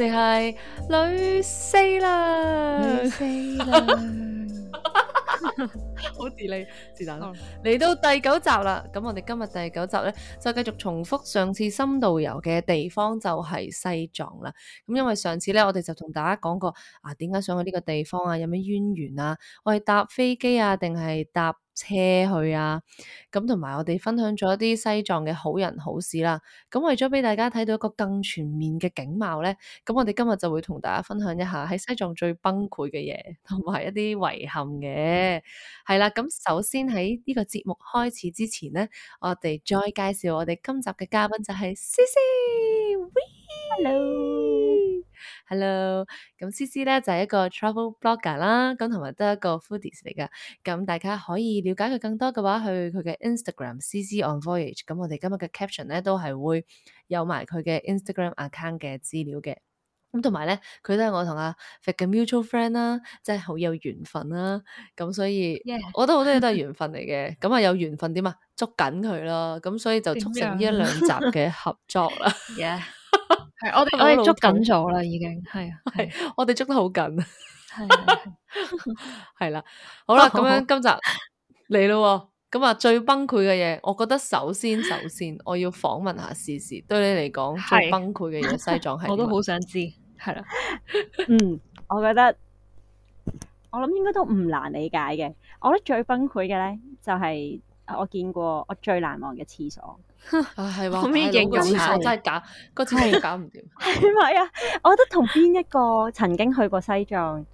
我哋係女四啦，女四啦，好自利是但啦，嚟到第九集啦，咁我哋今日第九集咧，就繼續重複上次深度遊嘅地方就係西藏啦。咁因為上次咧，我哋就同大家講過啊，點解想去呢個地方啊，有咩淵源啊，我係搭飛機啊，定係搭？車去啊，咁同埋我哋分享咗一啲西藏嘅好人好事啦。咁為咗俾大家睇到一個更全面嘅景貌咧，咁我哋今日就會同大家分享一下喺西藏最崩潰嘅嘢，同埋一啲遺憾嘅。係啦，咁首先喺呢個節目開始之前咧，我哋再介紹我哋今集嘅嘉賓就係 CC。Hello，咁 CC 咧就係、是、一個 travel blogger 啦，咁同埋都係一個 foodies 嚟㗎。咁大家可以了解佢更多嘅話，去佢嘅 Instagram CC on Voyage。咁我哋今日嘅 caption 咧都係會有埋佢嘅 Instagram account 嘅資料嘅。咁同埋咧，佢都係我同阿 Fit 嘅 mutual friend 啦、啊，真係好有緣分啦、啊。咁所以，我覺得好多嘢都係緣分嚟嘅。咁啊 Yeah. 有緣分點啊，捉緊佢咯。咁所以就促成呢一兩集嘅合作啦。怎樣 yeah. 係， 我哋我哋捉緊咗啦，已經係係，是是我哋捉得好緊 的，係啦， 好啦，咁、哦、樣今集嚟咯，咁啊、哦、最崩潰嘅嘢，我覺得首先首先我要訪問下 CC，對你嚟講最崩潰嘅嘢，西藏係我都好想知，係啦， 嗯，我覺得我諗應該都唔難理解嘅，我覺得最崩潰嘅咧就係、是、我見過我最難忘嘅廁所。啊，係話，我咩形容下？真係搞，個真係搞唔掂。係咪啊？我覺得同邊一個曾經去過西藏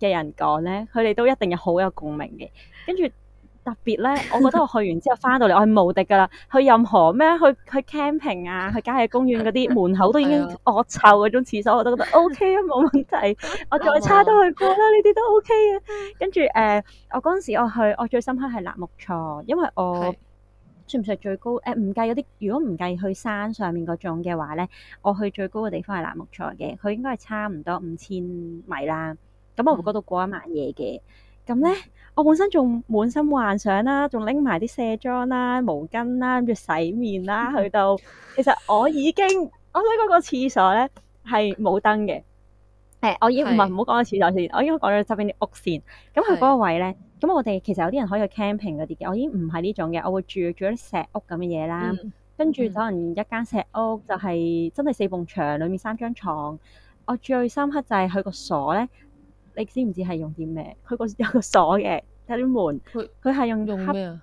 嘅人講咧，佢哋都一定有好有共鳴嘅。跟住特別咧，我覺得我去完之後翻到嚟，我係無敵噶啦。去任何咩，去去 camping 啊，去郊野公園嗰啲門口都已經惡臭嗰種廁所，我都覺得 O K 啊，冇問題。我再差都去過啦，呢啲都 O K 嘅。跟住誒，我嗰陣時我去，我最深刻係納木錯，因為我。算唔算最高？誒、呃，唔計有啲，如果唔計去山上面嗰種嘅話咧，我去最高嘅地方係納木錯嘅，佢應該係差唔多五千米啦。咁我喺嗰度過一晚夜嘅。咁咧，我本身仲滿心幻想啦，仲拎埋啲卸妝啦、毛巾啦，跟住洗面啦，去到 其實我已經，我喺嗰個廁所咧係冇燈嘅。誒、 呃，我已經唔係唔好講個廁所先，我應該講咗側邊啲屋先。咁佢嗰個位咧。 咁我哋其實有啲人可以去 camping 嗰啲嘅，我已經唔係呢種嘅，我會住住啲石屋咁嘅嘢啦。跟住可能一間石屋就係真係四埲牆，裡面三張床。我最深刻就係佢個鎖咧，你知唔知係用啲咩？佢個有個鎖嘅，睇啲門。佢佢係用用咩啊？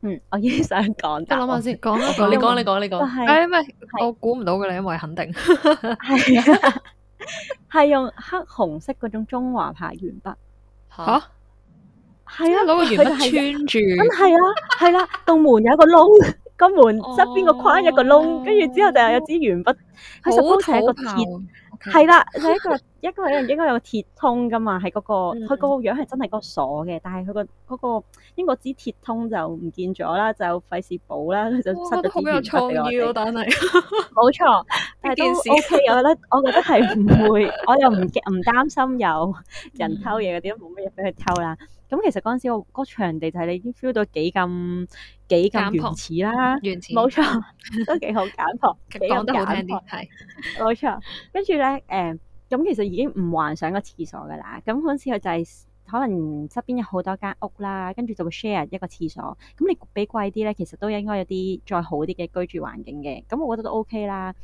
嗯，我已經想講想我。我諗下先，講啊，你講你講你講。係咪、哎？是我估唔到嘅咧，因為肯定係係 用黑紅色嗰種中華牌鉛筆吓？哈啊。係啊，攞個鉛筆穿住，噉係啊，係啦，個門有一個窿，個門側邊個框一個窿，跟住之後就有支鉛筆，佢上面寫個鐵，係啦，就一個一個人應該有個鐵通噶嘛，係嗰個，佢個樣係真係個鎖嘅，但係佢個嗰個，應該支鐵通就唔見咗啦，就費事補啦，佢就塞咗啲嘢出嚟俾我哋好有創意啊，係，冇錯，但係都 OK，我覺得，我覺得係唔會，我又唔唔擔心有人偷嘢嗰啲，冇乜嘢俾佢偷啦。咁、嗯、其實嗰陣時我個場地就係你已經 feel 到幾咁幾咁原始啦，冇錯都幾好簡樸，講 其實 得好聽啲係冇錯。跟住咧誒，咁、嗯、其實已經唔幻想個廁所噶啦。咁嗰陣時佢就係、是、可能側邊有好多間屋啦，跟住就會 share 一個廁所。咁你俾貴啲咧，其實都應該有啲再好啲嘅居住環境嘅。咁我覺得都 OK 啦。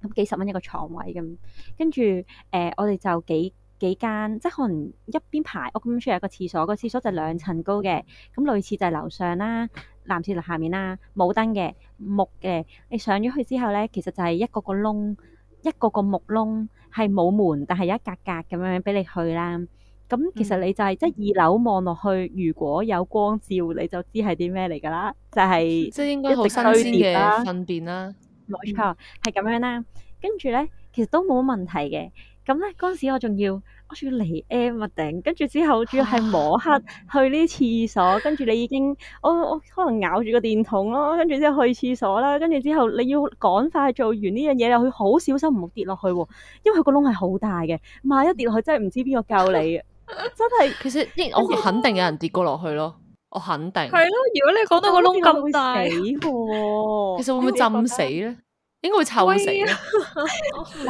咁幾十蚊一個床位咁，跟住誒、嗯，我哋就幾。幾間即係可能一邊排屋咁，出嚟個廁所，個廁所就兩層高嘅，咁類似就係樓上啦、男廁樓下面啦，冇燈嘅木嘅。你上咗去之後咧，其實就係一個個窿，一個個木窿，係冇門，但係有一格格咁樣俾你去啦。咁其實你就係即係二樓望落去，如果有光照，你就知係啲咩嚟㗎啦，就係即係應該好新鮮嘅糞便啦。冇錯，係咁樣啦。跟住咧，其實都冇乜問題嘅。咁咧嗰陣時我要，我仲要我仲要嚟 M 啊頂，跟住之後仲要係摸黑去呢啲廁所，跟住、啊、你已經我我可能咬住個電筒咯，跟住之後去廁所啦，跟住之後你要趕快做完呢樣嘢，又要好小心唔好跌落去喎，因為佢個窿係好大嘅，萬一跌落去真係唔知邊個救你 真係的其實後我肯定有人跌過落去咯，我肯定係咯。如果你講到個窿咁大，其實會唔會、啊、 會，會浸死咧？應該會臭死啊！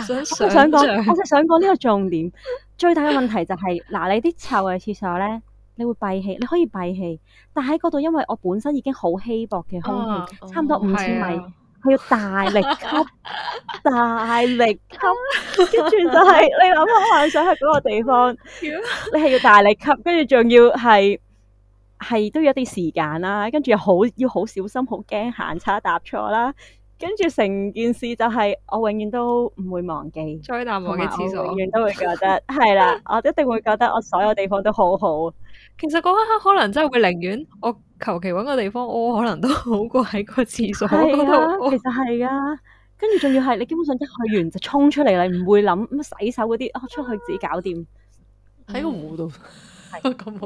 我想講，我就想講呢個重點。最大嘅問題就係，嗱，你啲臭嘅廁所咧，你會閉氣，你可以閉氣，但喺嗰度，因為我本身已經好稀薄嘅空氣，差唔多五千米，係要大力吸，大力吸，跟住就係你諗下，我幻想去嗰個地方，你係要大力吸，跟住仲要係係都要有啲時間啦，跟住好要好小心，好驚行差踏錯啦。跟住成件事就係，我永遠都唔會忘記，再淡忘嘅廁所，永遠都會覺得係啦。 我一定會覺得我所有地方都好好。其實嗰一刻可能真係會寧願我求其搵個地方，我可能都好過喺個廁所嗰度。啊。其實係噶。啊，跟住仲要係你基本上一去完就衝出嚟，你唔會諗乜洗手嗰啲。啊、哦、出去自己搞掂。喺個湖度。係咁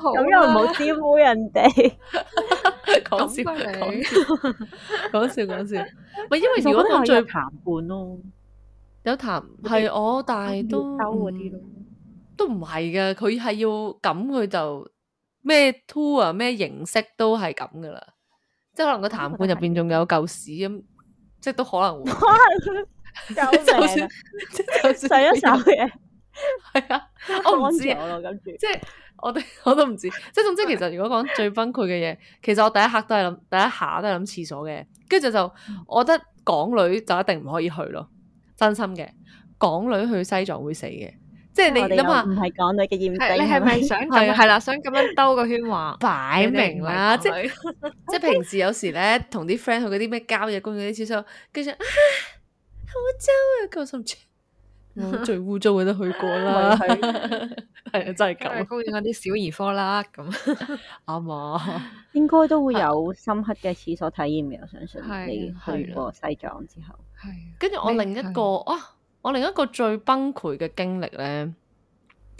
好，咁又唔好、啊、 招呼人哋。講笑講笑講笑講笑，咪因為如果講最談判咯，有談係我，但係都啲咯，都唔係嘅。佢係要咁，佢就咩 tour 咩形式都係咁噶啦。即係可能個談判入邊仲有舊屎，咁，即係都可能會。 救命！洗一手嘢。係啊，我唔知今次，我即係我哋我都唔知，即係 總之其實如果講最崩潰嘅嘢，其實我第一刻都係諗，第一下都係諗廁所嘅，跟住就我覺得港女就一定唔可以去咯，真心嘅，港女去西藏會死嘅，即係你諗下唔係港女嘅豔仔，你係咪想係啦、 啊？想咁樣兜個圈話擺 明啦了， 即係 即係平時有時咧同啲 friend 去嗰啲咩郊野公園啲廁所，跟住啊好臭啊，好 最污糟嘅都去過啦，係 真係咁。恭喜我啲小兒科啦，咁啱啊！應該都會有深刻嘅廁所體驗， 我相信你去過西藏之後。係跟住我另一個， 啊，我另一個最崩潰嘅經歷咧，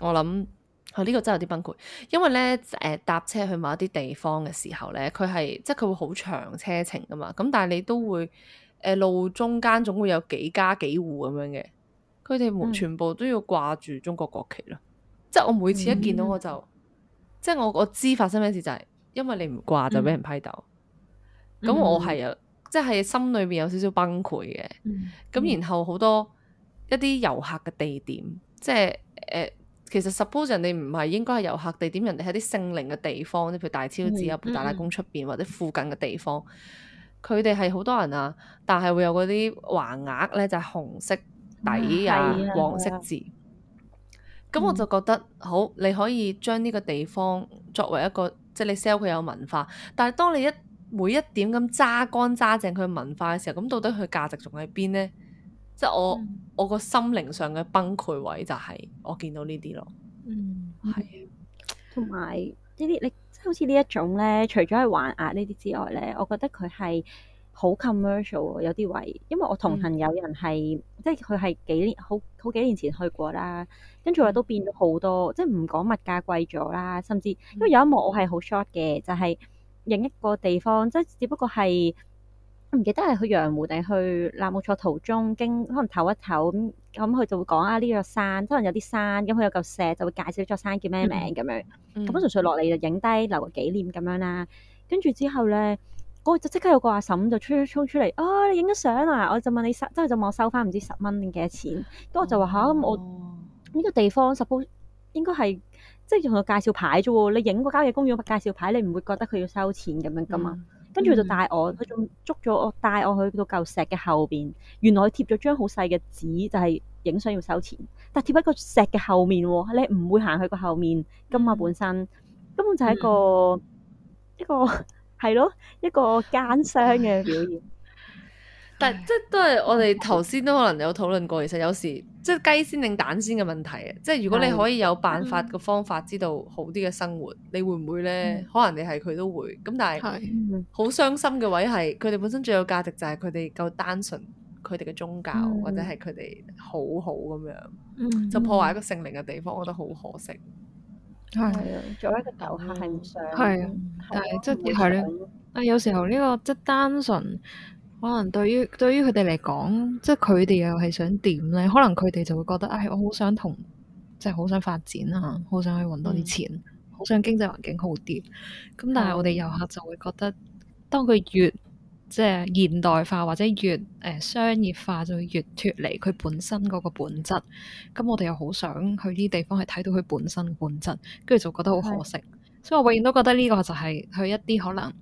我諗佢呢個真係有啲崩潰，因為咧，誒、呃，搭車去某一啲地方嘅時候咧，佢係即係佢會好長車程噶嘛，咁但係你都會誒、呃、路中間總會有幾家幾戶咁樣嘅。佢哋全部都要掛住中國國旗咯，即係我每次一見到我就，即係我我知發生咩事就係，因為你唔掛就畀人批鬥。咁我係啊，即係心裏面有少少崩潰嘅。咁然後好多一啲遊客嘅地點，即係誒，其實 suppose 人哋唔係應該係遊客地點，人哋係啲聖靈嘅地方，即譬如大昭寺、啊、布達拉宮出邊或者附近嘅地方，佢哋係好多人啊，但係會有嗰啲橫額咧就係紅色底、嗯、啊，黃色字，咁、啊啊、我就覺得好，你可以將呢個地方作為一個，即係你 sell 佢有文化。但係當你一每一點咁揸乾揸淨佢文化嘅時候，咁到底佢價值仲喺邊呢？即係我、嗯、我個心靈上嘅崩潰位就係、是、我見到呢啲咯。嗯，係是。同埋呢啲你即係好似呢一種呢，除咗係玩壓呢啲之外呢，我覺得佢係。好 commercial 啊，有啲位，因為我同行有人係，即係佢係幾年好好幾年前去過啦，跟住話都變咗好多，即係唔講物價貴咗啦，甚至因為有一幕我係好 short 嘅，就係影一個地方，即係只不過係我唔記得係去羊湖定去納木錯途中，經可能唞一唞咁，咁佢就會講啊呢座山，即係可能有啲山，咁佢有嚿石，就會介紹呢座山叫咩名咁樣，咁純粹落嚟就影低留個紀念咁樣啦，跟住之後咧。我就即刻有個阿嬸就衝出衝出嚟，啊！你影咗相啊！我就問你就問收，即係就問我收翻唔知十蚊定幾多錢？跟我就話吓、啊，我呢、這個地方十鋪應該係即係用個介紹牌啫喎。你影個郊野公園介紹牌，你唔會覺得佢要收錢咁樣噶嘛？跟住佢就帶我，佢仲捉咗我帶我去到嚿石嘅後邊，原來貼咗張好細嘅紙，就係、是、影相要收錢。但貼喺個石嘅後面喎，你唔會行去個後面噶嘛？本身根本就係一個一個。嗯這個係咯，一個奸商嘅表現。 但即都係我哋頭先都可能有討論過，其實有時即雞先定蛋先嘅問題啊！即如果你可以有辦法個方法知道好啲嘅生活，的你會唔會咧？嗯、可能你係佢都會咁，但係好傷心嘅位係，佢哋本身最有價值就係佢哋夠單純，佢哋嘅宗教的或者係佢哋好好咁樣，就破壞一個聖靈嘅地方，我覺得好可惜。係，作為一個遊客係唔想，係啊，但係即係係咧，啊有時候呢、這個即係、就是、單純，可能對於對於佢哋嚟講，即係佢哋又係想點咧？可能佢哋就會覺得，唉、哎，我好想同，即係好想發展啊，好想去揾多啲錢，好、嗯、想經濟環境好啲。咁但係我哋遊客就會覺得，係啊、當佢越即係現代化或者越誒、呃、商業化，就越脫離佢本身嗰個本質。咁我哋又好想去呢啲地方，係睇到佢本身本質，跟住就覺得好可惜。的所以我永遠都覺得呢個就係去一啲可能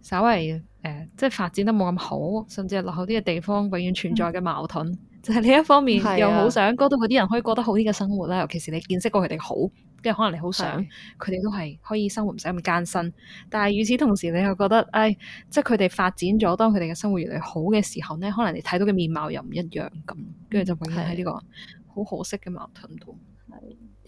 稍為誒、呃，即係發展得冇咁好，甚至係落後啲嘅地方，永遠存在嘅矛盾、嗯、就係呢一方面的又好想覺得佢啲人可以過得好啲嘅生活啦，尤其是你見識過佢哋好。跟住可能你好想佢哋都係可以生活唔使咁艱辛，但係與此同時，你又覺得誒，即係佢哋發展咗，當佢哋嘅生活越嚟好嘅時候咧，可能你睇到嘅面貌又唔一樣咁，跟住就永遠喺呢個好可惜嘅矛盾度。係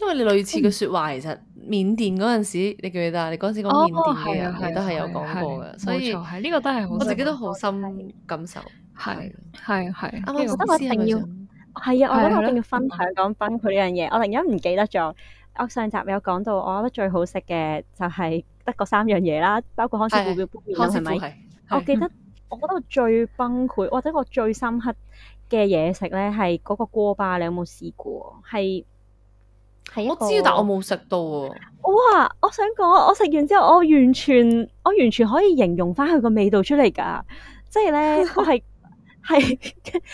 因為你類似嘅説話，其實緬甸嗰陣時，你記唔記得啊？你嗰陣時講緬甸嘅人，你都係有講過嘅。所以係呢個都係我自己都好深感受。係係係。啱我覺得我一定要係啊！我覺得我一定要分享講翻佢呢樣嘢。我突然間唔記得咗。我上集有講到我有，我覺得最好食嘅就係得個三樣嘢啦，包括康師傅嘅煲麵啦，係咪？我記得，我覺得最崩潰或者我最深刻嘅嘢食咧，係嗰個鍋巴，你有冇試過？係，我知道，但我冇食到喎。哇！我想講，我食完之後，我完全，我完全可以形容翻佢個味道出嚟㗎，即係咧，係係。 是的.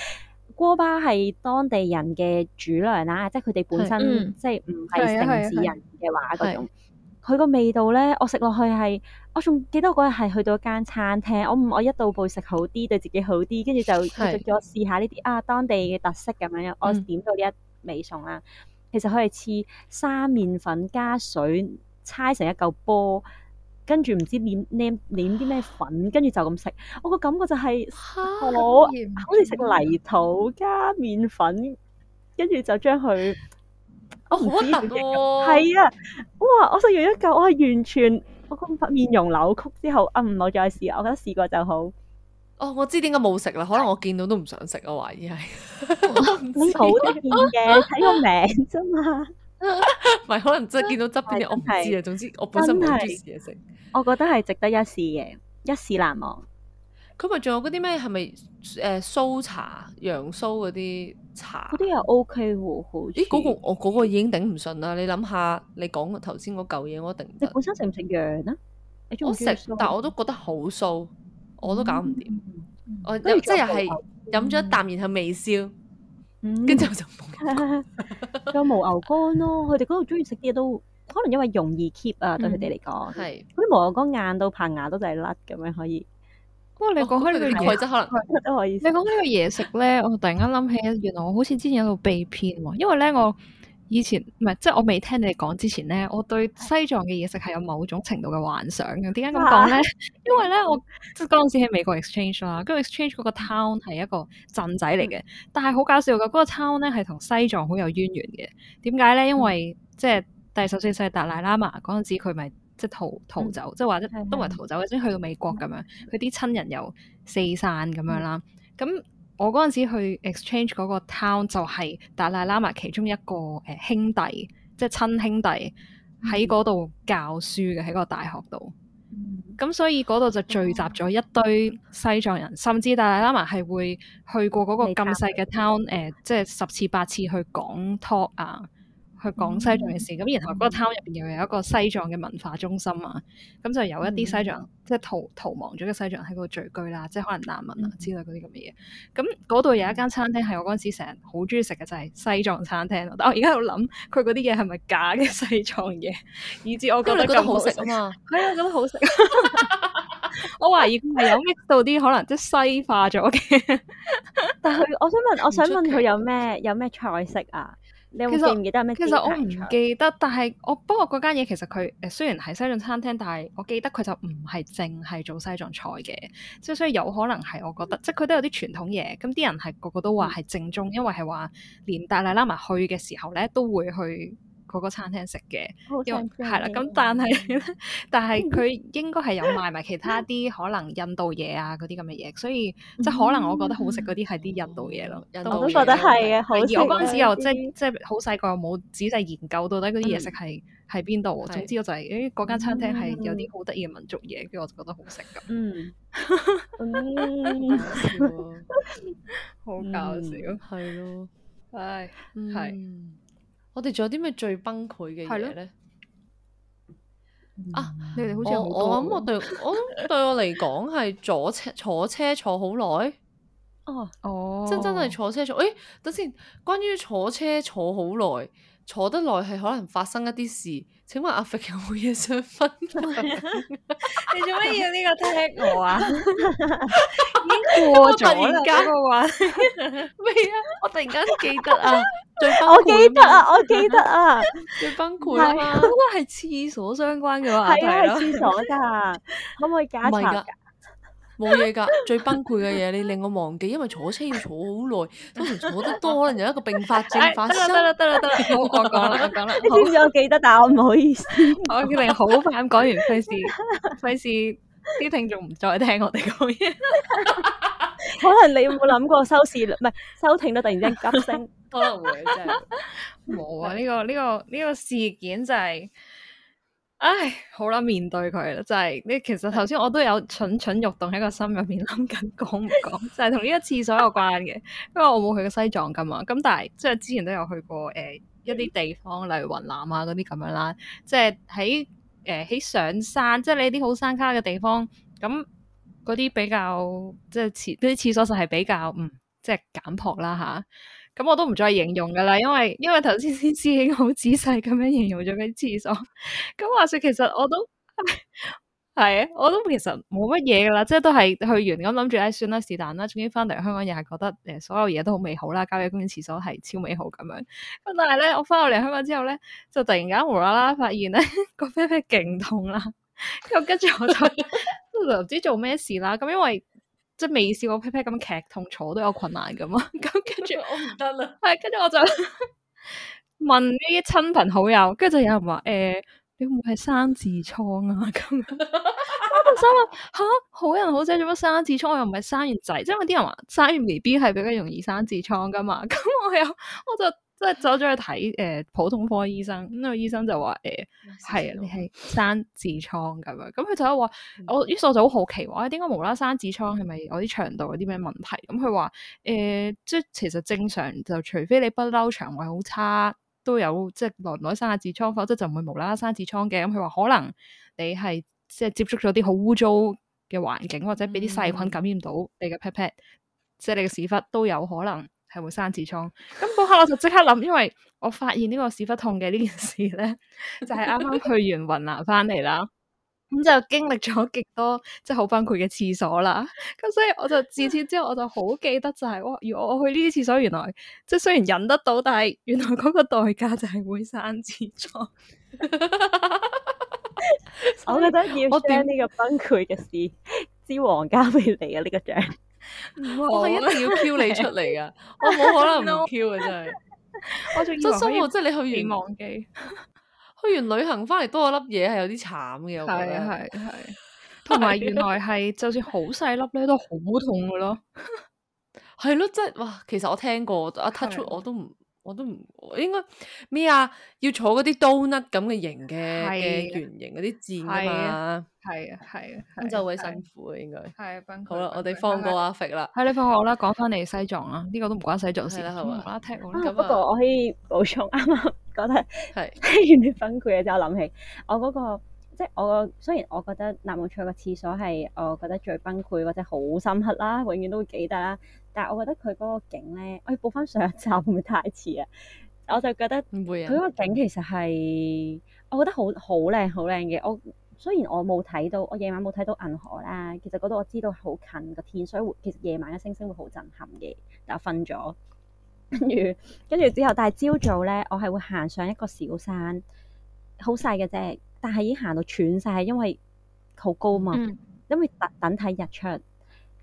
鍋巴係當地人嘅主糧啦，即係佢哋本身、嗯、即係唔係城市人嘅話嗰種，佢個味道咧，我食落去係，我仲記得嗰日係去到間餐廳，我我一到一步食好啲，對自己好啲，跟住就，就叫我試下呢啲啊當地嘅特色咁樣，我點到呢一味餸啦，嗯、其實佢係似沙麵粉加水搓成一嚿波。跟住唔知捻捻啲咩粉，跟住就咁食。我個感覺就係、是，我好似食泥土加麵粉，跟住就將佢，我唔知係、哦、啊，哇！我食完一嚿，我係完全我個面面容扭曲之後，唔、嗯、好再試，我覺得試過就好。哦，我知點解冇食啦，可能我見到都唔想食，啊是。懷疑係， 道好得意嘅，睇個名啫嘛。唔係， 可能真係見到側邊啲嘢，對我唔知啊。是總之，我本身冇中意食嘢食。我覺得係值得一試嘅，一試難忘。佢咪仲有嗰啲咩？係咪誒酥茶、羊酥嗰啲茶？嗰啲又 OK 喎，咦？嗰、嗰個我嗰、嗰個已經頂唔順啦。你諗下，你講頭先嗰嚿嘢，我一定。你本身食唔食羊啊？我食，但我都覺得好酥，我都搞唔掂。嗯嗯嗯嗯、我即係又係飲咗一啖，然後微笑、嗯。 跟住我就冇，仲有毛牛， 牛肝咯，佢哋嗰度中意食啲嘢都，可能因為容易 keep 啊，嗯、對佢哋嚟講，嗰啲毛牛肝硬到拍牙都就係甩咁樣可以。不過你講開呢個鈣質可能 都可以，你講開呢個嘢食咧，我突然間諗起，原來我好似之前有度被騙喎，因為咧我。以前唔係，即係我未聽你講之前咧，我對西藏嘅嘢食係有某種程度嘅幻想嘅。點解咁講咧？哇 因為咧，我即係嗰陣時喺美國 exchange 啦，跟住 exchange 嗰個 town 係一個鎮仔嚟嘅。但係好搞笑嘅，嗰、那個 town 咧係同西藏好有淵源嘅。點解咧？因為即係第十四世，世達賴喇嘛嗰陣時，佢咪即係逃逃走、嗯、即逃走，即係話即係都唔逃走嘅，先去到美國咁樣。佢啲、嗯、親人又四散咁樣啦，咁、嗯。我嗰陣時去 exchange 嗰個 town 就係達賴喇嘛其中一個誒兄弟，即係親兄弟喺嗰度教書嘅喺個大學度，咁、嗯、所以嗰度就聚集咗一堆西藏人，甚至達賴喇嘛係會去過嗰個咁細嘅 town 誒、呃，即係十次八次去講 talk 啊。去講西藏嘅事，咁、嗯、然後嗰個 town 入邊又有一個西藏嘅文化中心啊，咁、嗯、就有一啲西藏，嗯、即係逃逃亡咗嘅西藏喺嗰度聚居啦，即係可能難民啊、嗯、之類嗰啲咁嘅嘢。咁嗰度有一間餐廳係我嗰陣時成日好中意食嘅，就係、是、西藏餐廳。但我而家喺度諗，佢嗰啲嘢係咪假嘅西藏嘢？以至我覺得，覺得好食啊嘛！係啊，覺得好食。我懷疑係有 mix 到啲可能即係西化咗嘅。 但係我想問，我想問佢有咩有咩菜式啊？其實，其實我唔記得，但係我不過嗰間嘢其實佢誒雖然係西藏餐廳，但係我記得佢就唔係淨係做西藏菜嘅，即係所以有可能係我覺得，嗯、即係佢都有啲傳統嘢，咁啲人係個個都話係正宗，因為係話連達賴喇嘛去嘅時候咧都會去，嗰個餐廳食嘅，因為係啦，咁但係，但係佢應該係有賣埋其他啲可能印度嘢啊嗰啲咁嘅嘢，所以即係可能我覺得好食嗰啲係啲印度嘢咯。我都覺得係啊，好，我嗰陣時又即係即係好細個冇仔細研究到底嗰啲嘢食係係邊度，總之我就係誒嗰間餐廳係有啲好得意嘅民族嘢，跟住我就覺得好食咁。嗯，好搞笑，好搞笑，係咯，唉，係。我哋仲有啲咩最崩潰嘅嘢咧？啊，你哋好似有好多。我諗我對我對我嚟講係坐車坐車坐好耐。哦，真真係坐車坐。誒、欸，等先，關於坐車坐好耐。坐得耐係可能發生一啲事，請問阿肥 i t 有冇嘢想分 你做乜要呢個踢我啊？ 已經過咗， 我突然間話咩啊？我突然間記得啊， 最崩潰啊！我記得 啊，最崩潰啊！呢個係廁所相關嘅話題咯，廁、 啊、所噶， 可唔可以解一集？冇嘢㗎，最崩潰嘅嘢，你令我忘記，因為坐車要坐好耐，通常坐得多，可能有一個併發症發生。哎、得啦得啦得啦，我講講啦講啦。你點知我記得，但我唔好意思。我決定好快咁講完，費事費事啲聽眾唔 再聽我哋講嘢。 可能你有冇諗過收視唔係收聽都突然之間急升， 可能會真係。冇啊！呢、 這個呢、這個呢、這個事件就係、是。唉，好啦，面對佢咯，就係、是、呢。其實頭先我都有蠢蠢欲動，喺個心入面諗緊講唔講，就係同呢個廁所有關嘅。因為我冇去過西藏㗎嘛，咁但係即係之前都有去過誒、呃、一啲地方，例如雲南啊嗰啲咁樣啦，即係喺誒喺上山，即係你啲好山卡嘅地方，咁嗰啲比較即係廁啲廁所就係比較嗯即係簡樸啦吓。咁、嗯、我都唔再形容噶啦，因為因為頭先先知已經好仔細咁樣形容咗啲廁所，咁、嗯、話說其實我都係啊，我都其實冇乜嘢噶啦，即係都係去完咁諗住唉算啦是但啦，總之翻嚟香港又係覺得誒所有嘢都好美好啦，郊野公園廁所係超美好咁樣，咁、嗯、但係咧我翻到嚟香港之後咧，就突然間無啦啦發現咧 個啡啡勁痛啦，咁跟住我就就唔知做咩事啦，咁、嗯、因為。即係未試過劈劈咁劇痛，坐都有困難噶嘛，咁跟住我唔得啦，係跟住我就問呢啲親朋好友，跟住就有人話誒、欸，你會唔會係生痔瘡啊咁？我心話吓，好人好姐做乜生痔瘡？我又唔係生完仔，即係啲人話生完 B B 係比較容易生痔瘡噶嘛，咁、 嗯、我又我就。即係走咗去睇誒、呃、普通科醫生，咁、嗯、個醫生就話誒係你係生痔瘡咁樣，咁佢就話我，嗯、於是我就好好奇話，點解無啦啦生痔瘡？係咪我啲腸道有啲咩問題？咁佢話誒，即係其實正常，就除非你不嬲腸胃好差，都有即係耐唔耐生下痔瘡，否則就唔會無啦啦生痔瘡嘅。咁佢話可能你係即係接觸咗啲好污糟嘅環境，或者俾啲細菌感染到你嘅屁屁，即係你嘅屎忽都有可能。 係會生痔瘡。咁嗰刻我就即刻諗，因為我發現呢個屎忽痛嘅呢件事咧，就係啱啱去完雲南翻嚟啦，咁 就經歷咗極多即係好崩潰嘅廁所啦。咁所以我就自此之後，我就好記得就係、是、哇，而我去呢啲廁所，原來即係、就是、雖然忍得到，但係原來嗰個代價就係會生痔瘡。 以我覺得要將呢個崩潰嘅事知 王家俾嚟啊！呢個獎。No. 我係一定要 Q 你出嚟噶， 我冇可能唔 Q 啊！真係，真生活即係你去完忘記，去完旅行翻嚟多粒嘢係有啲慘嘅， 我覺得係係係，同埋 原來係就算好細粒咧都好痛噶咯，係咯， 即係，哇！其實我聽過啊 Touchwood, 的我都唔。我都唔，應該咩啊？要坐嗰啲刀 o n 咁嘅型嘅，嘅圓形嗰啲氈啊嘛，係啊係，咁就會辛苦嘅應該。係啊，崩潰。好啦，我哋放過阿肥啦，係你放過我啦。講翻嚟西藏啦，呢個都唔關西藏事啦，係嘛。啊，聽我咁啊。不過我可以補充，啱啱覺得係完啲崩潰嘅，之後諗起我嗰個，即係我雖然我覺得南木措個廁所係，我覺得最崩潰或者好深刻啦，永遠都會記得啦。但係我覺得佢嗰個景咧，我要補翻上一集會太遲啊？我就覺得唔會啊。佢嗰個景其實係我覺得好好靚，好靚嘅。我雖然我冇睇到，我夜晚冇睇到銀河啦。其實嗰度我知道好近個天，所以其實夜晚嘅星星會好震撼嘅。但就瞓咗，跟住跟住之後，但係朝早咧，我係會行上一個小山，好細嘅啫。但係已經行到喘晒，因為好高嘛。嗯、因為等等睇日出。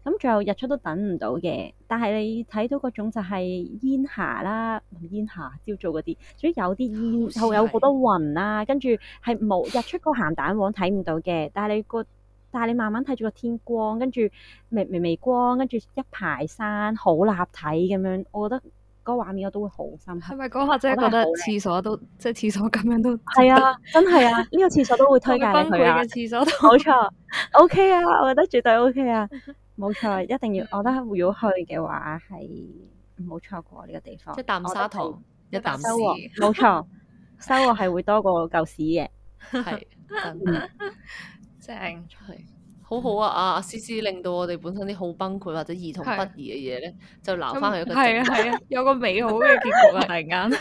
咁最後日出都等唔到嘅怖、啊，但係你睇到嗰種就係煙霞啦，唔，煙霞朝早嗰啲，所以有啲煙後有好多雲啦，跟住係冇日出個鹹蛋黃睇唔到嘅，但係你個但係你慢慢睇住個天光，跟住微微微光，跟住一排山好立體咁樣，我覺得嗰個畫面我都會好深刻。係咪嗰下真係覺得廁所都即係廁所咁樣都係啊，真係啊，呢 個廁所都會推介佢啊。崩潰嘅廁所都冇錯 好 OULD，OK 啊、uh，我覺得絕對 OK 啊。effort 冇錯，一定要，我覺得如果去嘅話，係唔好錯過呢個地方。即啖沙一啖沙糖，一啖屎，冇錯，收穫係會多過舊屎嘅，係即係好好啊！啊，思思令到我哋本身啲好崩潰或者兒童不宜嘅嘢咧，是就撈翻佢一個，係啊係啊，有個美好嘅結局啊！突然間，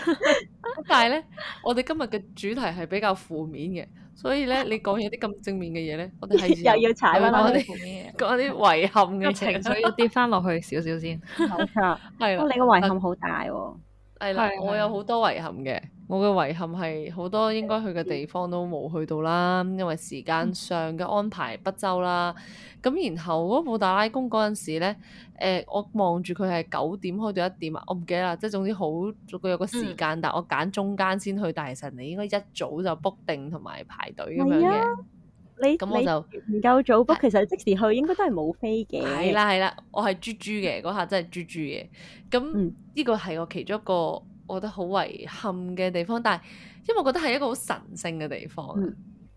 但係咧，我哋今日嘅主題係比較負面嘅，所以咧你講嘢啲咁正面嘅嘢咧，我哋係 又要踩翻我啲負面嘢講啲遺憾嘅情緒，要跌翻落去少少先，冇錯。係啦，你個遺憾好大喎。係啦，我有好多遺憾嘅。我嘅遺憾係好多應該去嘅地方都冇去到啦，因為時間上嘅安排不周啦。咁、嗯、然後嗰布達拉宮嗰陣時咧，誒、呃、我望住佢係九點開到一點啊，我唔記得啦。即係總之好，佢有個時間，但我揀中間先去。但係其實你應該一早就 book 定同埋排隊咁樣嘅。咁、啊、我就唔夠早 book，其實即時去但應該都係冇飛嘅。係啦係啦，我係豬豬嘅，嗰下真係豬豬嘅。咁、嗯、呢個係我其中一個我覺得好遺憾嘅地方，但係因為我覺得係一個好神聖嘅地方，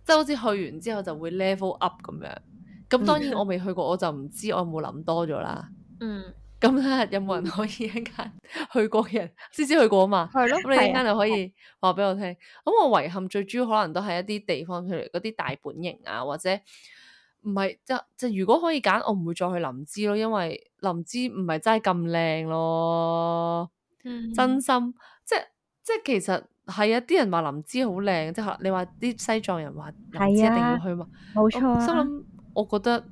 即係、嗯、好似去完之後就會 level up 咁樣。咁當然我未去過，嗯、我就唔知我有冇諗多咗啦。嗯，咁睇下有冇人可以一間去過嘅人，知知、嗯、去過啊嘛？係咯的。咁你陣間就可以話俾我聽。咁我遺憾最主要可能都係一啲地方，譬如嗰啲大本營啊，或者唔係即即如果可以揀，我唔會再去林芝咯，因為林芝唔係真係咁靚咯。嗯、真心，即即其實係啊！啲人話林芝好靚，即係你話啲西藏人話林芝一定要去嘛，冇錯、啊。咁我、啊、我、我覺得，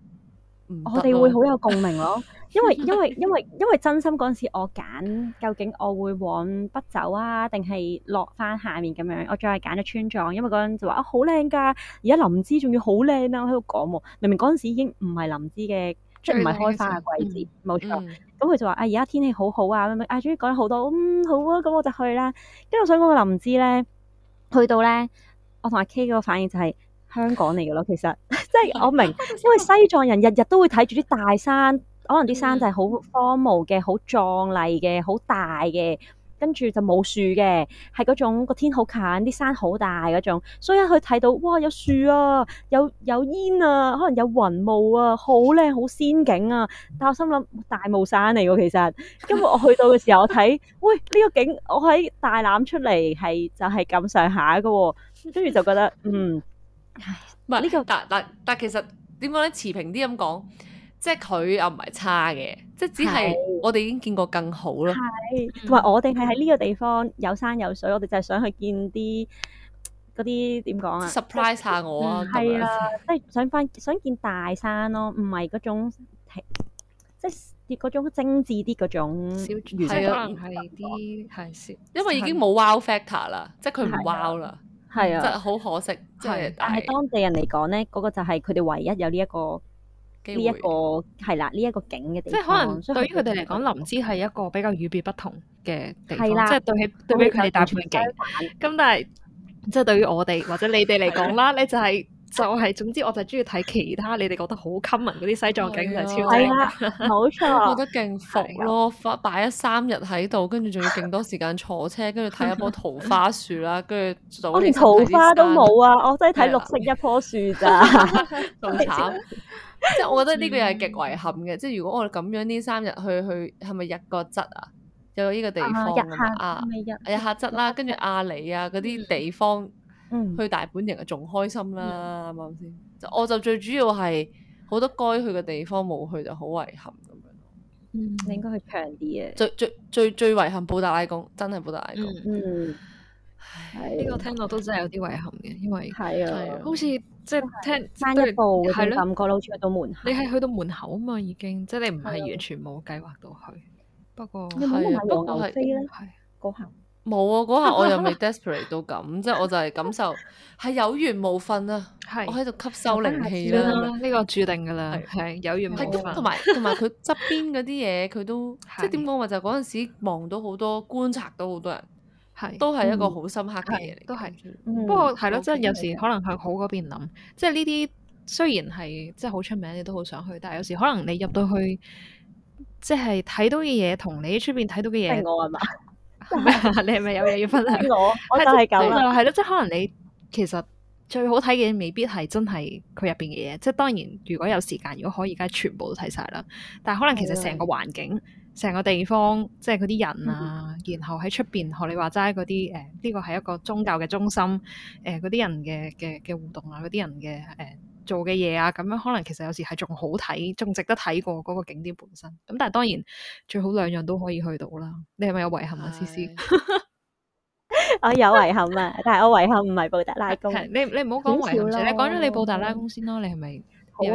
我哋會好有共鳴咯 因為因為因為因為真心嗰陣時我，我揀究竟我會往北走啊，定係落翻下面咁樣？我再揀咗川藏，因為嗰陣就話啊好靚噶，而家林芝仲要好靚啊！我喺度講，明明嗰陣時已經唔係林芝嘅。即唔係開花嘅季節，冇、嗯、錯。咁佢、嗯、就話：啊，而家天氣好好啊，咩咩啊，終於講咗好多，嗯，好啊，咁我就去啦。跟住我想講個林芝咧，去到咧，我同阿 K 嗰個反應就係香港嚟嘅咯。其實即係我明， 因為西藏人日日都會睇住啲大山，可能啲山就係好荒無嘅、好壯麗嘅、好大嘅。跟住就冇樹嘅，係嗰種個天好近，啲山好大嗰種，所以佢睇到哇有樹啊，有有煙啊，可能有雲霧啊，好靚好仙境啊！但我心諗大霧山嚟嘅其實。今日我去到嘅時候，我睇喂呢個景，我喺大欖出嚟係就係咁上下嘅喎，跟住就覺得嗯，唔係呢個，但但但其實點講咧，持平啲咁講。即係佢又唔係差嘅，即係只係我哋已經見過更好咯。係，同埋我哋係喺呢個地方有山有水，我哋就係想去見啲嗰啲點講啊？surprise 下我啊！係啊的這樣，即係想翻想見大山咯，唔係嗰種即係嗰種精緻啲嗰種住。小主可能係啲係因為已經冇 wow factor 啦，的即係佢唔 wow 啦，係啊，即係好可惜。係的，但係當地人嚟講咧，嗰、那個就係佢哋唯一有呢、這、一個。呢一個係啦，呢、啊、一個景嘅地，即係可能對於佢哋嚟講， 林芝係一個比較與別不同嘅地方，即係對起啦對比佢哋大背景。咁但係即係對於我哋或者你哋嚟講啦， 你就係、係。就係，總之我就係中意睇其他，你哋覺得好 common 嗰啲西藏景就超靚嘅，冇錯。我覺得勁服咯，擺咗三日喺度，跟住仲要勁多時間坐車，跟住睇一樖桃花樹啦，跟住早我連桃花都冇啊！我真係睇綠色一棵樹咋，仲慘。即係我覺得呢個又係極遺憾嘅。即係如果我哋咁樣呢三日去去係咪日喀則啊？有呢個地方啊，日喀則啦，跟住阿里啊嗰啲地方。去大本營啊，仲開心啦，啱唔啱先？就我就最主要係好多該去嘅地方冇去，就好遺憾咁樣囉。嗯，你應該去強啲嘅。最最最最遺憾布達拉宮，真係布達拉宮。嗯，呢個聽落都真係有啲遺憾嘅，因為係啊，好似即係聽翻一步嘅感覺好似去到門口。你係去到門口啊嘛，已經即係你唔係完全冇計劃到去。不過係不過係個行。冇啊！嗰下我又未 desperate 到咁，即係我就係感受係有緣無份啊！我喺度吸收靈氣啦，呢個注定噶啦，係有緣無份。同埋同埋佢側邊嗰啲嘢，佢都即係點講？話就嗰陣時望到好多，觀察到好多人，係都係一個好深刻嘅嘢嚟。都係，不過係咯，即係有時可能向好嗰邊諗，即係呢啲雖然係即係好出名，你都好想去。但係有時可能你入到去，即係睇到嘅嘢同你喺出邊睇到嘅嘢，係我啊嘛。呵呵你係咪有嘢要分享？我，我就係咁啦，係咯，即 係、就係、可能你其實最好睇嘅未必係真係佢入邊嘅嘢，即係當然如果有時間，如果可以，而家全部都睇晒啦。但係可能其實成個環境、成對個地方，即係嗰啲人啊，嗯、哼然後喺出邊學你話齋嗰啲誒，呢個係一個宗教嘅中心，誒嗰啲人嘅嘅嘅互動啊，嗰啲人嘅誒。嗯做嘅嘢啊，咁樣可能其實有時係仲好睇，仲值得睇過嗰個景點本身。咁但係當然最好兩樣都可以去到啦。你係咪有遺憾啊？思思，我有遺憾啊，但係我遺憾唔係布達拉宮。 你你唔好講遺憾，你講咗你布達拉宮先咯。啊、你係咪、啊啊？好、啊，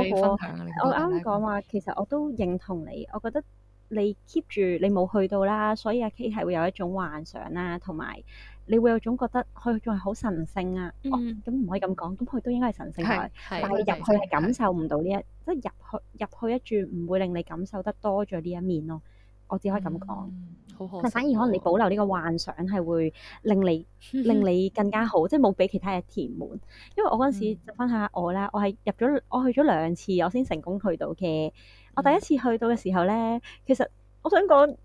我啱啱講話，其實我都認同你。我覺得你 keep 住你冇去到啦，所以阿 K 係會有一種幻想啦，同埋。你會有種覺得佢仲係好神聖啊，咁唔、嗯哦、可以咁講，咁佢都應該係神聖嘅，但係入去係感受唔到呢一，即係入去入去一轉唔會令你感受得多咗呢一面咯，我只可以咁講。好好，嗯。但反而可能你保留呢個幻想係會令你，嗯、哼令你更加好，即係冇俾其他嘢填滿。因為我嗰陣時，嗯、就分享下我啦，我係入咗我去咗兩次，我先成功去到嘅。我第一次去到嘅時候咧，其實我想講。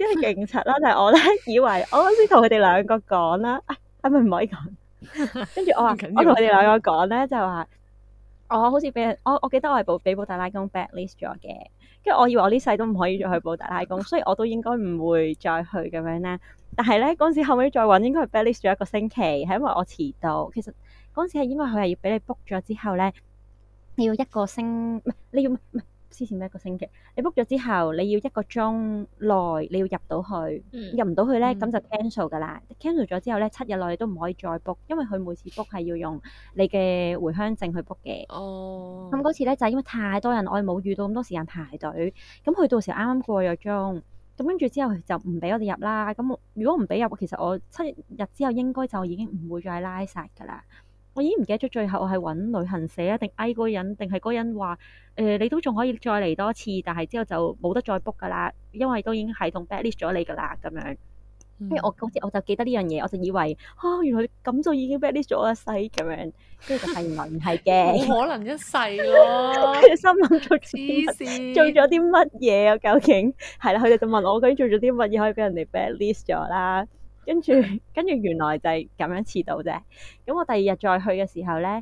因係警察啦，就係我咧以為我嗰時同佢哋兩個講啦，啊唔係唔可以講， 跟住我話我同佢哋兩個講咧就話，我好似俾我我記得我係保俾保大拉宮 b a c k l i s t 咗嘅，跟住我以為我呢世都唔可以再去布大拉宮，所以我都應該唔會再去咁樣啦。但係咧嗰陣時後屘再揾，應該係 b a c k l i s t 咗一個星期，係因為我遲到。其實嗰陣時係因為佢係要俾你 book 咗之後咧，你要一個星唔係你要唔唔。之前一個星期，你 book 咗之後，你要一個鐘內你要入到去，嗯、入唔到去呢，咁、嗯、就 cancel 噶啦。cancel 咗之後呢，七日內你都唔可以再 book，因為佢每次 book 係要用你嘅回鄉證去 book 嘅。哦。咁嗰次呢，就係、因為太多人，我哋冇遇到咁多時間排隊。咁佢到時啱啱過咗鐘，咁跟住之後就唔俾我哋入啦。咁如果唔俾入，其實我七日之後應該就已經唔會再拉薩噶啦。我已經唔記得咗最後我係搵旅行社啊，定嗌嗰人，定係嗰人話誒、呃，你都仲可以再嚟多次，但係之後就冇得再 book 噶啦，因為都已經係同 badlist 咗你噶啦咁樣。所以、嗯、我嗰次我就記得呢樣嘢，我就以為啊、哦，原來咁就已經 badlist 咗一世咁樣，跟住就細唔係嘅。 可能一世咯，跟住心諗做黐線、做咗啲乜嘢啊？究竟係啦，佢 哋就問我究竟做咗啲乜嘢可以俾人哋 badlist 咗啦。跟住，跟住原來就係咁樣遲到啫。咁我第二日再去嘅時候呢，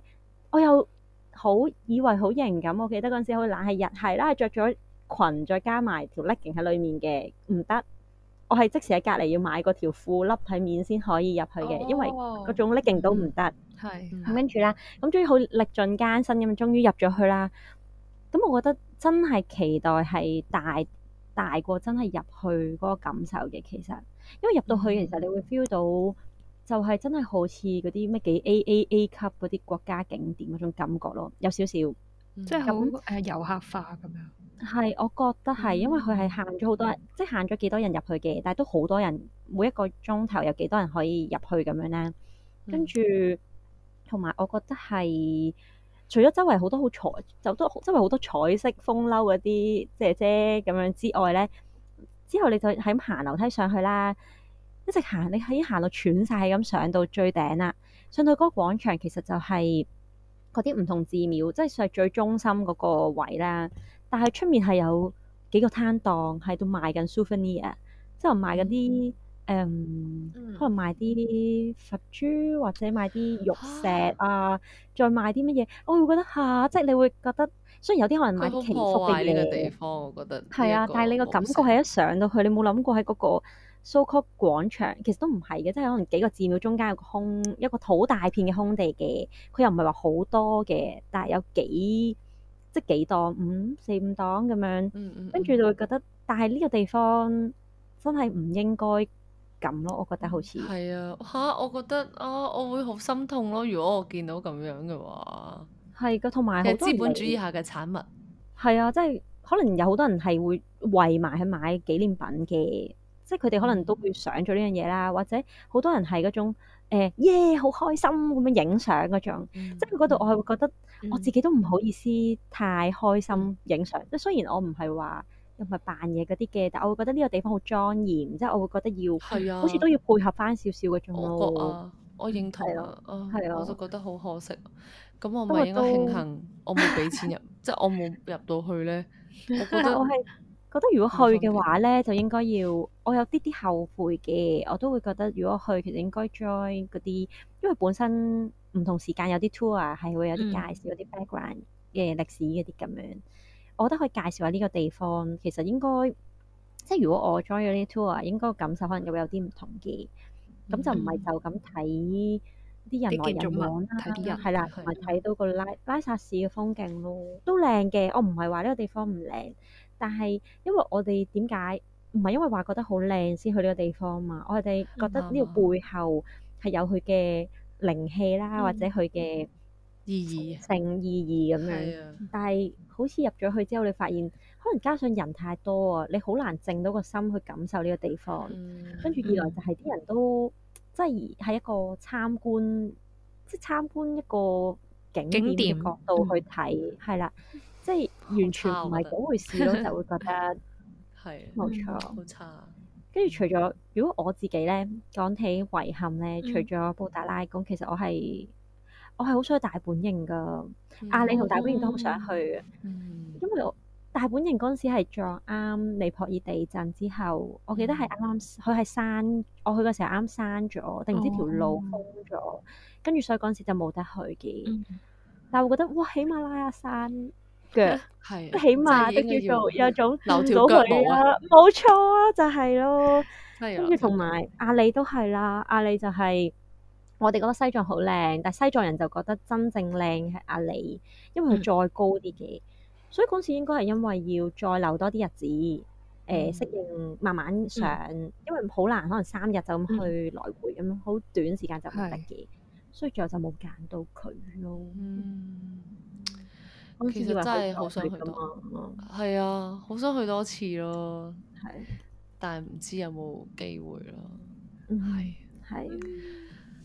我又好以為好型咁。我記得嗰陣時好冷係日係啦，着咗裙再加埋條 legging 喺裡面嘅，唔得。我係即時喺隔離要買個條褲笠喺面先可以入去嘅，oh, oh, oh, oh. 因為嗰種 legging 都唔得。係、mm, 是。咁跟住啦，咁終於好歷盡艱辛咁，終於入咗去啦。咁我覺得真係期待係大大，大過真係入去嗰個感受嘅，其實。因為入到去，其實、嗯、你會 feel 到，就係真係好似嗰啲咩幾 A A A 級嗰啲國家景點嗰種感覺咯，有少少，嗯、那即係好誒遊客化咁樣。係，我覺得係，嗯、因為佢係限咗好多人，嗯、即係限咗幾多人入去嘅，但係都好多人，每一個鐘頭有幾多人可以入去咁樣咧。嗯、跟住，同埋我覺得係，除咗周圍好多好彩，就都周圍好多彩色風褸嗰啲姐姐咁樣之外咧。之後你就係咁行樓梯上去啦，一直行，你係已經行到喘晒，係咁上到最頂啦。上到嗰個廣場其實就係嗰啲唔同寺廟，即係最中心嗰個位啦。但係出面係有幾個攤檔喺度賣緊 souvenir，即係賣緊啲誒，嗯嗯、可能賣啲佛珠或者賣啲玉石啊，啊再賣啲乜嘢。我會覺得嚇、啊，即係你會覺得。雖然有啲可能係破壞嘅地方，我覺得係啊。但係你個感覺係一上到去，你冇諗過喺嗰個蘇克廣場，其實都唔係嘅，即係可能幾個寺廟中間有個空有一個好大片嘅空地嘅，佢又唔係話好多嘅，但係有幾即係幾檔五四五檔咁樣，跟住、嗯嗯嗯、就會覺得，但係呢個地方真係唔應該咁咯，我覺得好似係啊嚇、啊！我覺得啊，我會好心痛咯，如果我見到咁樣嘅話。係同埋好多資本主義下嘅產物。係啊，即係可能有好多人係會為埋去買紀念品嘅，即係佢哋可能都會想做呢樣嘢啦。或者好多人係嗰種耶，好開心咁樣影相嗰種。即係佢嗰度，我係會覺得我自己都唔好意思太開心影相。即係雖然我唔係話唔係扮嘢嗰啲嘅，但我會覺得呢個地方好莊嚴，即係我會覺得要係啊，好似都要配合翻少少嗰種。我覺得啊，我認同啊，係啊，我都覺得好可惜。咁我咪應該慶幸我冇都俾錢入， 即係我冇入到去咧。我覺得 我係覺得如果去嘅話咧，就應該要我有啲啲後悔嘅，我都會覺得如果去其實應該 join 嗰啲，因為本身唔同時間有啲 tour 係會有啲介紹、嗯、有啲 background 嘅歷史嗰啲咁樣，我覺得可以介紹下呢個地方，其實應該即係如果我 join 咗呢啲 tour，應該感受可能會有啲唔同嘅，咁就唔係就咁睇。嗯啲人來人往、啊，睇啲人係啦，同埋睇到個拉拉薩市嘅風景咯，都靚嘅。我唔係話呢個地方唔靚，但係因為我哋點解唔係因為話覺得好靚先去呢個地方嘛？我哋覺得呢個背後係有佢嘅靈氣啦，嗯、或者佢嘅意義，性意義咁樣。的但係好似入咗去之後，你發現可能加上人太多啊，你好難靜到個心去感受呢個地方。跟住二來就係啲人都。嗯即係喺一個參觀，即係參觀一個景點角度去睇，係啦，即係完全唔係嗰回事咯， 就會覺得係冇 的錯，好差。跟住除咗，如果我自己咧講起遺憾咧，除咗布達拉宮，嗯、其實我係我係好想去大本營噶。嗯、阿里同大本營都好想去，嗯、因為我。大本營嗰陣時係撞啱尼泊爾地震之後，我記得係啱啱佢係山，我去嘅時候啱山咗，定唔知條路封咗，跟住、oh. 所以嗰陣時就冇得去嘅。Mm hmm. 但係我覺得哇，喜馬拉雅山腳，啊啊、起碼都叫做有種留條腳啊的，冇錯啊，就係、是、咯。跟住同埋阿里都係啦，阿里就係、是、我哋覺得西藏好靚，但係西藏人就覺得真正靚係阿里，因為佢再高啲嘅。嗯 所以嗰次應該係因為要再留多啲日子，誒、呃、適應慢慢上，嗯、因為好難，可能三日就咁去來回咁、嗯、樣，好短時間就唔得嘅，是所以最後就冇揀到佢咯。嗯，其實真係好想去多，係啊，好想去多次咯。係的，但係唔知有冇機會咯。係係，的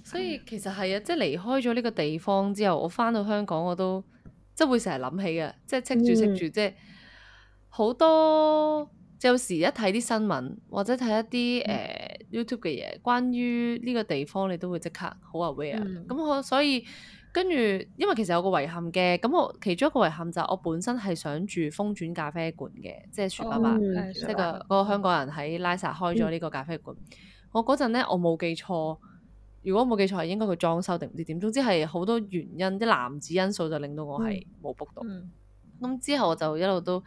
所以其實係啊，即、就、係、是、離開咗呢個地方之後，我翻到香港我都。即係會成日諗起嘅，即係識住識住，即係好多有時一睇啲新聞或者睇一啲誒、嗯呃、YouTube 嘅嘢，關於呢個地方你都會即刻好 aware。咁、嗯、我所以跟住，因為其實有個遺憾嘅，咁我其中一個遺憾就我本身係想住風轉咖啡館嘅，即係徐伯伯即係個香港人喺拉薩開咗呢個咖啡館。嗯、我嗰陣咧，我冇記錯。如果冇記錯係應該佢裝修定唔知點，總之係好多原因，啲男子因素就令到我係冇 book 到。咁、嗯嗯嗯、之後我就一路都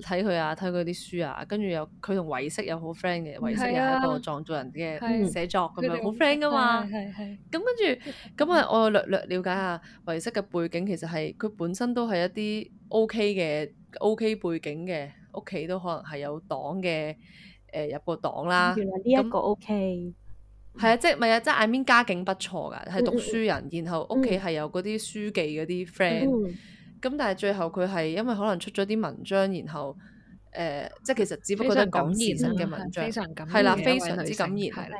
睇佢、嗯、啊，睇佢啲書啊，跟住又佢同唯色有好 friend 嘅，唯色又係一個藏族人嘅寫作咁樣好 friend 噶嘛。咁跟住咁啊，我略略了解下唯色嘅背景，其實係佢本身都係一啲 OK 嘅 OK 背景嘅屋企都可能係有黨嘅，誒、呃、入過黨啦。嗯、原來呢一個 OK。係啊，即係唔係啊？即係 I mean 家境不錯㗎，係讀書人，然後屋企係有嗰啲書記嗰啲 friend，咁但係最後佢係因為可能出咗啲文章，然後誒、呃、即係其實只不過係講現實嘅文章，係啦、嗯，非常之感言，係啦，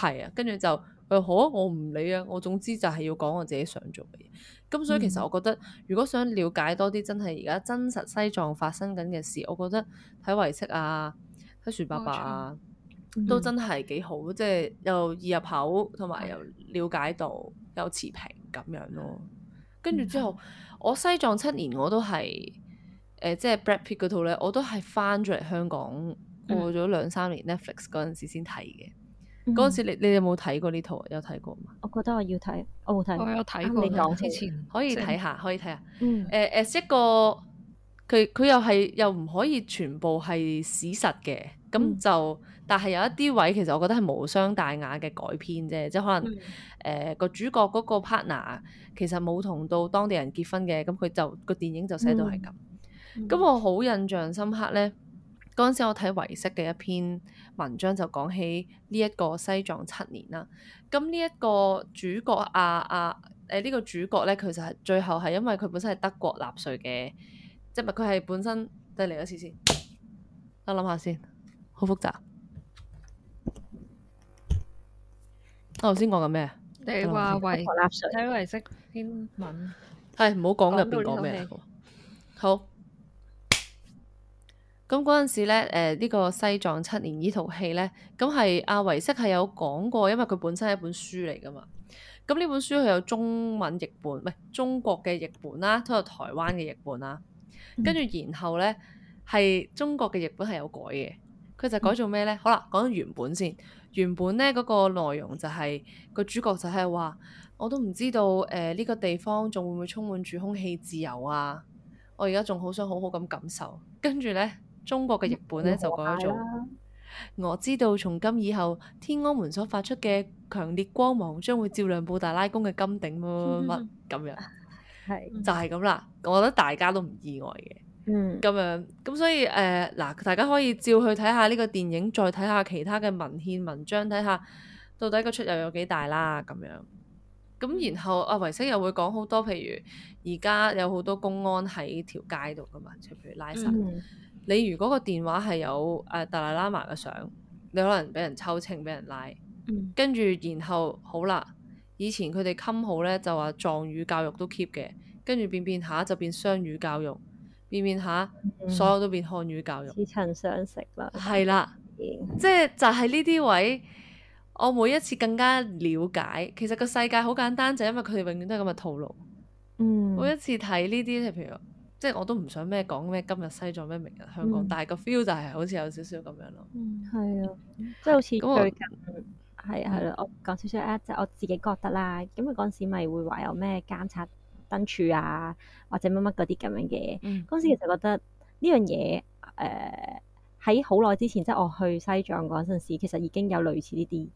啊的，跟住就，好我唔理啊，我總之就係要講我自己想做嘅嘢。咁所以其實我覺得，如果想了解多啲真係而家真實西藏發生緊嘅事，我覺得睇唯色啊，睇樹伯伯啊。都真係幾好，即係又易入口，同埋又了解到又持平咁樣咯。跟住之後，嗯、我西藏七年我都係誒、呃，即係《Brad Pitt》嗰套咧，我都係翻咗嚟香港過咗兩三年，Netflix 嗰陣時先睇嘅。嗰陣、嗯、時你你有冇睇過呢套啊？有睇過嘛？我覺得我要睇，我冇睇，我有睇過。你講、嗯、之前可以睇下，行下，可以睇下。誒誒、嗯，呃、一個佢佢又係又唔可以全部係史實嘅，咁就。嗯但係有一啲位，其實我覺得係無傷大雅嘅改編啫，即係可能誒個、嗯呃、主角嗰個 partner 其實冇同到當地人結婚嘅，咁佢就個電影就寫到係咁。咁、嗯、我好印象深刻咧，嗰陣時我睇唯色嘅一篇文章就講起呢一個西藏七年啦。咁呢一個主角啊啊誒呢、啊呃呢個主角咧，其實係最後係因為佢本身係德國納粹嘅，即係佢係本身再嚟一次先，我諗下先，好複雜。講我頭先講緊咩？你話維睇唯色英文係唔、哎、好講入邊講咩？好，咁嗰陣時咧，誒、呃、呢、這個西藏七年套戲呢套戲咧，咁係阿唯色係有講過，因為佢本身係一本書嚟噶嘛。咁呢本書佢有中文譯本，唔係中國嘅譯本啦、啊，都有台灣嘅譯本啦、啊。嗯、跟住然後咧係中國嘅譯本係有改嘅，佢就改做咩咧？嗯、好啦，講到原本先。原本咧嗰、那個內容就係、是那個主角就係話，我都唔知道誒呢、呃這個地方仲會唔會充滿住空氣自由啊！我而家仲好想好好咁感受。跟住咧，中國嘅譯本咧就改咗做：嗯「嗯嗯、我知道從今以後天安門所發出嘅強烈光芒，將會照亮布達拉宮嘅金頂乜乜乜乜咁樣，係、嗯嗯、就係咁啦。我覺得大家都唔意外嘅。嗯，咁樣咁所以誒嗱、呃，大家可以照去睇下呢個電影，再睇下其他嘅文獻文章，睇下到底個出入有幾大啦。咁樣咁，然後阿唯色又會講好多，譬如而家有好多公安喺條街度噶嘛，就譬如拉薩。嗯嗯，你如果個電話係有誒、呃、達賴喇嘛嘅相，你可能俾人抽清，俾人拉。嗯、跟住然後好啦，以前佢哋冚好咧，就話藏語教育都 keep 嘅，跟住變變下就變雙語教育。變變下，嗯、所有都變漢語教育。似曾相識啦。係啦的，即係、嗯、就係呢啲位，我每一次更加了解，其實個世界好簡單，就係、因為佢哋永遠都係咁嘅套路。嗯。每一次睇呢啲，譬如，即、就、係、係、我都唔想咩講咩今日西藏咩明日香港，但係個 feel 就係好似有少少咁樣咯。嗯，係啊，即係、嗯就係、好似最近係係咯，我講少少 add 就我自己覺得啦。咁佢嗰陣時咪會話有咩監察？燈柱啊，或者乜乜嗰啲咁樣嘅，嗰陣時其實覺得呢、嗯、樣嘢，誒喺好耐之前，即係我去西藏嗰陣時，其實已經有類似呢啲。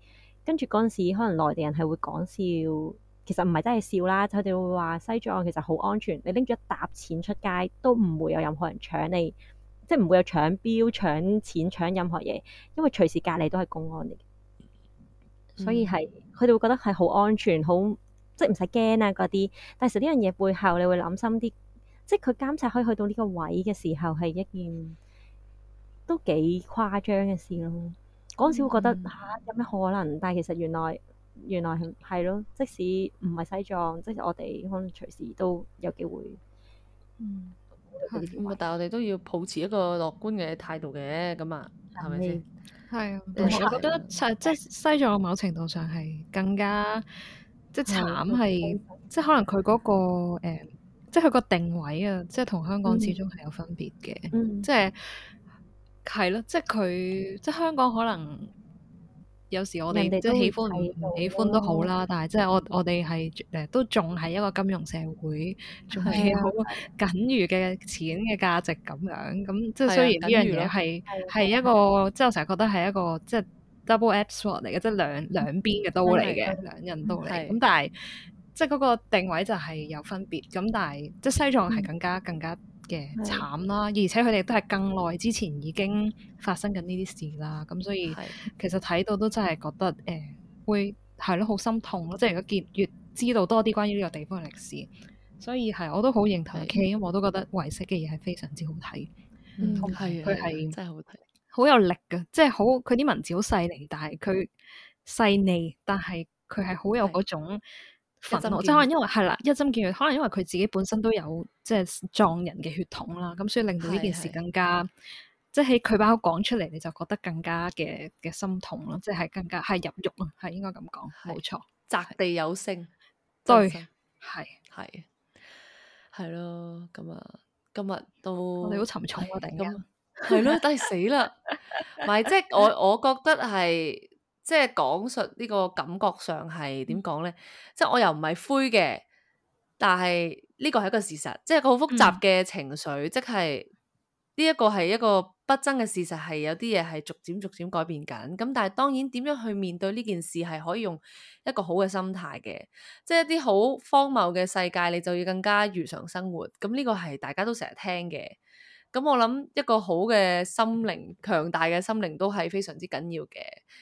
跟住嗰陣時，可能內地人係會講笑，其實唔係真係笑啦，佢哋會話西藏其實好安全，你拎住一沓錢出街都唔會有任何人搶你，即係唔會有搶標、搶錢、搶任何嘢，因為隨時隔籬都係公安嚟嘅，所以係佢哋會覺得係好安全，好。即係唔使驚啊，嗰啲。但係實呢樣嘢背後，你會諗深啲。即係佢監察可以去到呢個位嘅時候，係一件都幾誇張嘅事咯。嗰時會覺得，吓，有咩可能？但係其實原來原來係係咯。即使唔係西藏，即係我哋可能隨時都有機會。嗯，但係我哋都要抱持一個樂觀嘅態度嘅。咁啊，係咪先？係啊。我覺得即係西藏某程度上係更加。即係慘係，即係可能佢嗰個誒，即係佢個定位啊，即係同香港始終係有分別嘅，即係係咯，即係佢即係香港可能有時我哋即係喜歡唔喜歡都好啦，但係即係我我哋係誒都仲係一個金融社會，仲係好僅餘嘅錢嘅價值咁樣，咁即係雖然呢樣嘢係係一個，即係我成日覺得係一個即係。Double-edged sword 嚟嘅，即係兩兩邊嘅刀嚟嘅，兩刃刀嚟。咁但係，即係嗰個定位就係有分別。咁但係，即係西藏係更加、嗯、更加嘅慘啦，而且佢哋都係更耐之前已經發生緊呢啲事啦。咁所以，其實睇到都真係覺得，誒、欸，會係咯，好心痛咯。即係如果見越知道多啲關於呢個地方嘅歷史，所以係，我都好認同 K，的因為我都覺得唯色嘅嘢係非常之好睇。嗯，係的。佢係是真係好睇。好有力㗎，即係好佢啲文字好細膩，但係佢細膩，但係佢係好有嗰種憤怒，即係可能因為係啦，一針見血，可能因為佢自己本身都有即係藏人嘅血統啦，咁所以令到呢件事更加的即係佢把口講出嚟，你就覺得更加嘅嘅心痛咯，即係更加係入肉咯，係應該咁講，冇錯，擲地有聲，對，係係係咯，咁啊，今日都你好沉重啊，我突然間。嗯嗯嗯係咯，抵 死啦！唔係，即、就、係、是、我我覺得係，即係講述呢個感覺上係點講咧？即係我又唔係灰嘅，但係呢個係一個事實，即係個好複雜嘅情緒， 即係呢一個係一個不爭嘅事實，係有啲嘢係逐漸逐漸改變緊。咁但係當然，點樣去面對呢件事係可以用一個好嘅心態嘅，即係一啲好荒謬嘅世界，你就要更加如常生活。咁呢個係大家都成日聽嘅。咁我諗一個好嘅心靈，強大嘅心靈都係非常之緊要嘅。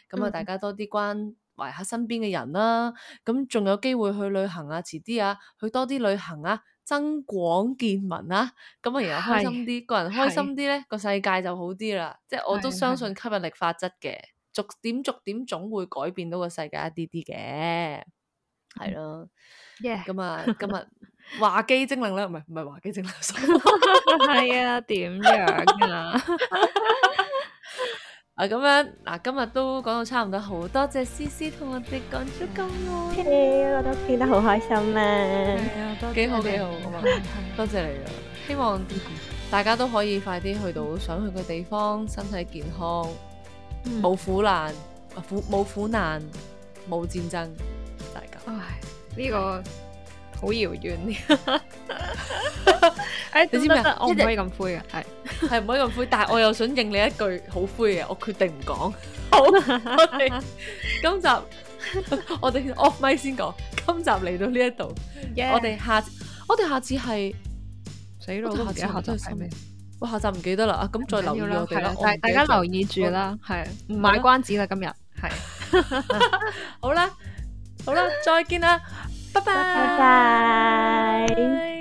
咁啊、嗯，大家多啲關懷下身邊嘅人啦，啊。咁仲有機會去旅行啊，遲啲啊去多啲旅行啊，增廣見聞啊。咁啊，然後開心啲，個人開心啲咧，個是世界就好啲啦。是即係我都相信吸引力法則嘅，逐點逐點總會改變到個世界一啲啲嘅。係咯，咁啊，今日華基精靈咧，唔係唔係華基精靈，係啊，點樣啊？啊，咁樣嗱，今日都講到差唔多，好多謝思思同我哋講咗咁耐，我都傾得好開心啊，幾好幾好啊嘛，多謝你啊！希望大家都可以快啲去到想去嘅地方，身體健康，冇苦難，苦冇苦難，冇戰爭。唉，呢個好遙遠。你知唔知咩？我唔可以咁灰呀，係係唔可以咁灰。但係我又想應你一句好灰嘅，我決定唔講。好，我哋今集我哋 off 咪先講。今集嚟到呢一度，我哋下我哋下次係死咯。下次下集係咩？我，下集唔記得啦。咁再留意我哋啦。我哋大家留意住啦。係唔買關子啦？今日係好啦。好啦，再見啦，拜拜。